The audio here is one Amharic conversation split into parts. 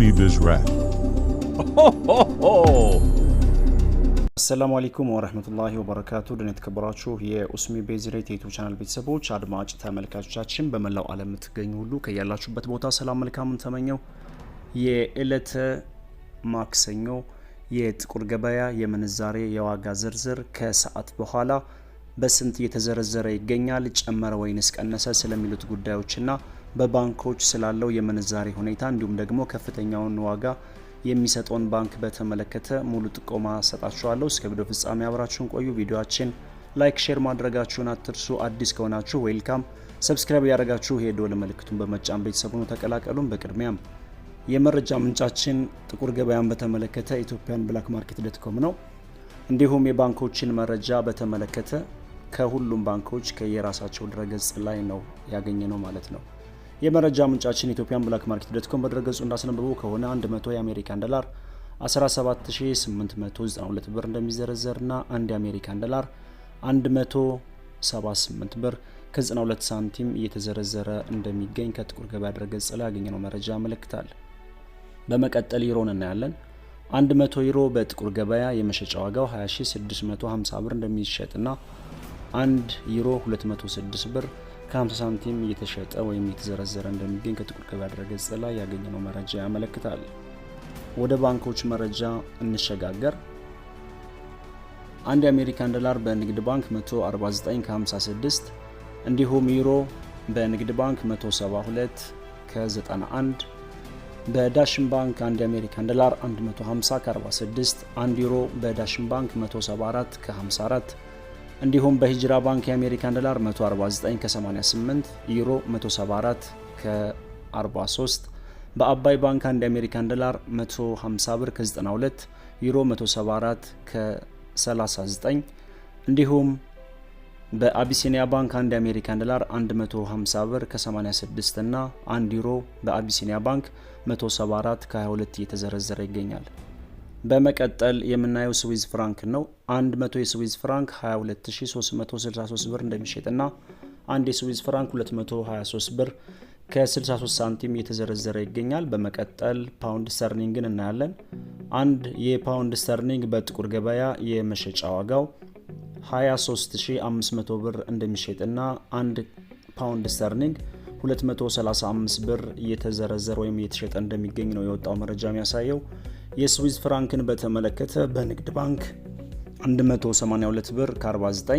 need this rat. አሰላሙ አለይኩም ወረህመቱላሂ ወበረካቱ ድን የተከበራችሁ የኡስሚ ቤዝሬት የዩቱብ ቻናል ቤተሰቦች አድማጭ ተመልካቾቻችን በመላው ዓለም የምትገኙ ሁሉ ከያላችሁበት ቦታ ሰላም መልካምን ተመኘው። የዕለተ ማክሰኞ የጥቁር ገበያ የምንዛሬ የዋጋ ዝርዝር ከሰዓት በኋላ በስንት እየተዘረዘረ ይገኛል? ጨመረ ወይንስ ቀነሰ? ስለሚሉት ጉዳዮችና በባንኮች ስላለው የምንዛሬ ሁኔታ እንዲሁም ደግሞ ከፍተኛውን ዋጋ የሚሰጠውን ባንክ በተመለከተ ሙሉ ጥቆማ ሰጣችኋለሁ። እስከ ቪዲዮ ፍጻሜ አብራችሁን ቆዩ። ቪዲዮችን ላይክ፣ ሼር ማድረጋችሁን አትርሱ። አዲስ ከሆናችሁ ዌልካም፣ ሰብስክራይብ ያደረጋችሁ የደወል ምልክቱን በመጫን ቤተሰብ ተቀላቀሉን። በቅድሚያም የመረጃ ምንጫችን ጥቁር ገበያን በተመለከተ ኢትዮጵያን ብላክ ማርኬት ዶትኮም ነው። እንዲሁም የባንኮችን መረጃ በተመለከተ ከሁሉም ባንኮች ከየራሳቸው ድረገጽ ላይ ነው ያገኘ ነው ማለት ነው። የመረጃ ምንጫችን ኢትዮጵያን ብላክ ማርኬት ዶት ኮም በድረገጹ እንዳስነበበው ከሆነ 100 የአሜሪካን ዶላር 17892 ብር እንደሚዘረዘርና አንድ የአሜሪካን ዶላር 178 ብር ከ92 ሳንቲም እየተዘረዘረ እንደሚገኝ ከጥቁር ገበያ ድረገጽ ላይ ያገኘነው መረጃ ያመለክታል። በመቀጠል ዩሮን እናያለን። 100 ዩሮ በጥቁር ገበያ የመሸጫ ዋጋው 20650 ብር እንደሚሸጥና 1 ዩሮ 206 ብር ከ50 ሳንቲም እየተሸጠ ወይም እየተዘረዘረ እንደሚገኝ ከጥቁር ገበያ ድረገጽ ላይ ያገኘነው መረጃ ያመለክታል። ወደ ባንኮች መረጃ እንሸጋገር። አንድ የአሜሪካን ዶላር በንግድ ባንክ 149 ከ56 እንዲሁም ዩሮ በንግድ ባንክ 172 ከ91 በዳሽን ባንክ አንድ የአሜሪካን ዶላር 150 ከ46 አንድ ዩሮ በዳሽን ባንክ 174 ከ54 እንዲሁም በሂጅራ ባንክ የአሜሪካን ዶላር 149 ከ88፣ ዩሮ 174 ከ43፣ በአባይ ባንክ አንድ የአሜሪካን ዶላር 150 ብር ከ92፣ ዩሮ 174 ከ39፣ እንዲሁም በአቢሲኒያ ባንክ አንድ የአሜሪካን ዶላር 150 ብር ከ86 እና 1 ዩሮ በአቢሲኒያ ባንክ 174 ከ22 እየተዘረዘረ ይገኛል። በመቀጠል የምናየው ስዊዝ ፍራንክ ነው። 100 የስዊዝ ፍራንክ 22363 ብር እንደሚሸጥና አንድ የስዊዝ ፍራንክ 223 ብር ከ63 ሳንቲም እየተዘረዘረ ይገኛል። በመቀጠል ፓውንድ ስተርሊንግን እናያለን። አንድ የፓውንድ ስተርሊንግ በጥቁር ገበያ የመሸጫ ዋጋው 23500 ብር እንደሚሸጥና አንድ ፓውንድ ስተርሊንግ 235 ብር እየተዘረዘረ ወይም እየተሸጠ እንደሚገኝ ነው የወጣው መረጃ የሚያሳየው። የስዊዝ ፍራንክን በተመለከተ በንግድ ባንክ 182 ብር ከ49፣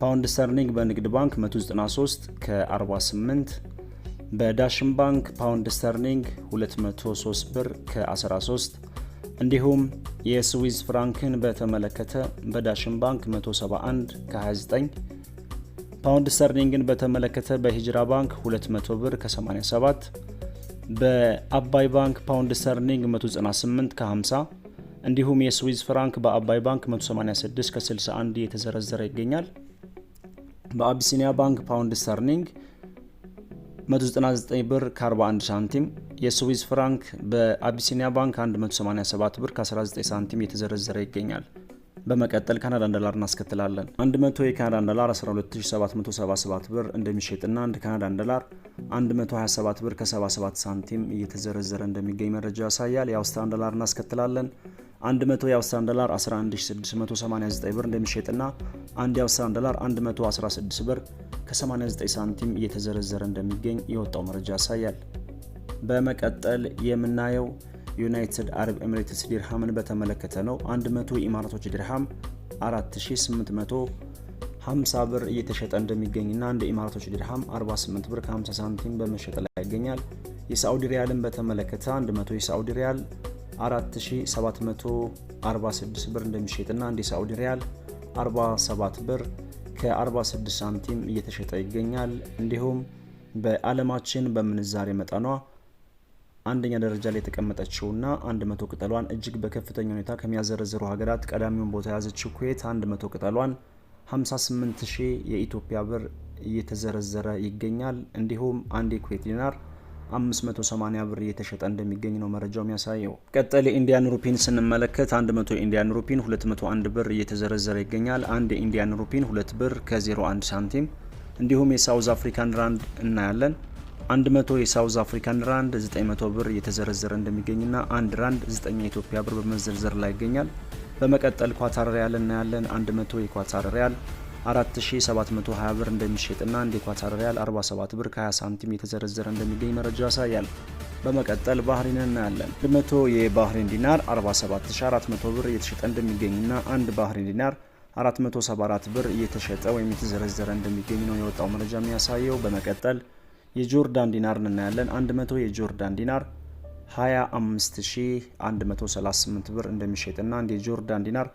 ፓውንድ ስተርሊንግ በንግድ ባንክ 193 ከ48፣ በዳሽን ባንክ ፓውንድ ስተርሊንግ 203 ብር ከ13፣ እንዲሁም የስዊዝ ፍራንክን በተመለከተ በዳሽን ባንክ 171 ከ29፣ ፓውንድ ስተርሊንግን በተመለከተ በሂጅራ ባንክ 200 ብር ከ87 በአባይ ባንክ ፓውንድ ሰርኒንግ 198 ከ50 እንዲሁም የስዊዝ ፍራንክ በአባይ ባንክ 186 ከ61 የተዘረዘረ ይገኛል። በአቢሲኒያ ባንክ ፓውንድ ሰርኒንግ 199 ብር ከ41 ሳንቲም፣ የስዊዝ ፍራንክ በአቢሲኒያ ባንክ 187 ብር ከ19 ሳንቲም የተዘረዘረ ይገኛል። በመቀጠል ካናዳን ዶላር እናስከትላለን። 100 የካናዳን ዶላር 12777 ብር እንደሚሸጥና አንድ ካናዳን ዶላር 127 ብር ከ77 ሳንቲም እየተዘረዘረ እንደሚገኝ መረጃ ያሳያል። የአውስትራን ዶላር እናስከትላለን። 100 የአውስትራን ዶላር 11689 ብር እንደሚሸጥና አንድ የአውስትራን ዶላር 116 ብር ከ89 ሳንቲም እየተዘረዘረ እንደሚገኝ የወጣው መረጃ ያሳያል። በመቀጠል የምናየው ዩናይትድ አረብ ኤምሬትስ ዲርሃምን በተመለከተ ነው። 100 ኢማራቶች ዲርሃም 4850 ብር እየተሸጠ እንደሚገኝና አንድ ኢማራቶች ዲርሃም 48 ብር ከ50 ሳንቲም በመሸጥ ላይ ይገኛል። የሳዑዲ ሪያልን በተመለከተ 100 የሳዑዲ ሪያል 4746 ብር እንደሚሸጥና አንድ የሳዑዲ ሪያል 47 ብር ከ46 ሳንቲም እየተሸጠ ይገኛል። እንዲሁም በዓለማችን በምንዛሬ መጠኗ አንደኛ ደረጃ ላይ የተቀመጠችውና 100 ቅጠሏን እጅግ በከፍተኛ ሁኔታ ከሚያዘረዝሩ ሀገራት ቀዳሚውን ቦታ የያዘችው ኩዌት 100 ቅጠሏን 58 ሺህ የኢትዮጵያ ብር እየተዘረዘረ ይገኛል። እንዲሁም አንድ የኩዌት ዲናር 580 ብር እየተሸጠ እንደሚገኝ ነው መረጃው የሚያሳየው። ቀጠል የኢንዲያን ሩፒን ስንመለከት 100 ኢንዲያን ሩፒን 201 ብር እየተዘረዘረ ይገኛል። አንድ የኢንዲያን ሩፒን 2 ብር ከ01 ሳንቲም እንዲሁም የሳውዝ አፍሪካን ራንድ እናያለን 100 የሳውዝ አፍሪካን ራንድ 900 ብር እየተዘረዘረ እንደሚገኝና አንድ ራንድ 9 የኢትዮጵያ ብር በመዘርዘር ላይ ይገኛል። በመቀጠል ኳታር ሪያል እናያለን። 100 የኳታር ሪያል 4720 ብር እንደሚሸጥና አንድ የኳታር ሪያል 47 ብር ከ20 ሳንቲም የተዘረዘረ እንደሚገኝ መረጃ ያሳያል። በመቀጠል ባህሬን እናያለን። 100 የባህሬን ዲናር 47400 ብር እየተሸጠ እንደሚገኝና አንድ ባህሬን ዲናር 474 ብር እየተሸጠ ወይም የተዘረዘረ እንደሚገኝ ነው የወጣው መረጃ የሚያሳየው። በመቀጠል የጆርዳን ዲናር እናያለን። 100 የጆርዳን ዲናር 25138 ብር እንደሚሸጥና አንድ የጆርዳን ዲናር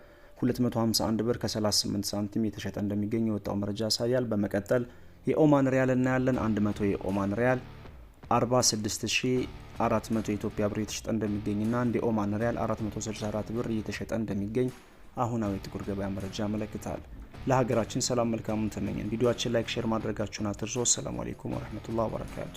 251 ብር ከ38 ሳንቲም የተሸጠ እንደሚገኝ የወጣው መረጃ ያሳያል። በመቀጠል የኦማን ሪያል እናያለን። 100 የኦማን ሪያል 46400 የኢትዮጵያ ብር እየተሸጠ እንደሚገኝና አንድ የኦማን ሪያል 464 ብር እየተሸጠ እንደሚገኝ አሁናዊ ጥቁር ገበያ መረጃ ያመለክታል። ለሀገራችን ሰላም መልካሙን ተመኘን። ቪዲዮችን ላይክ፣ ሼር ማድረጋችሁን አትርሶ። አሰላሙ አሌይኩም ወረህመቱላህ ወበረካቱ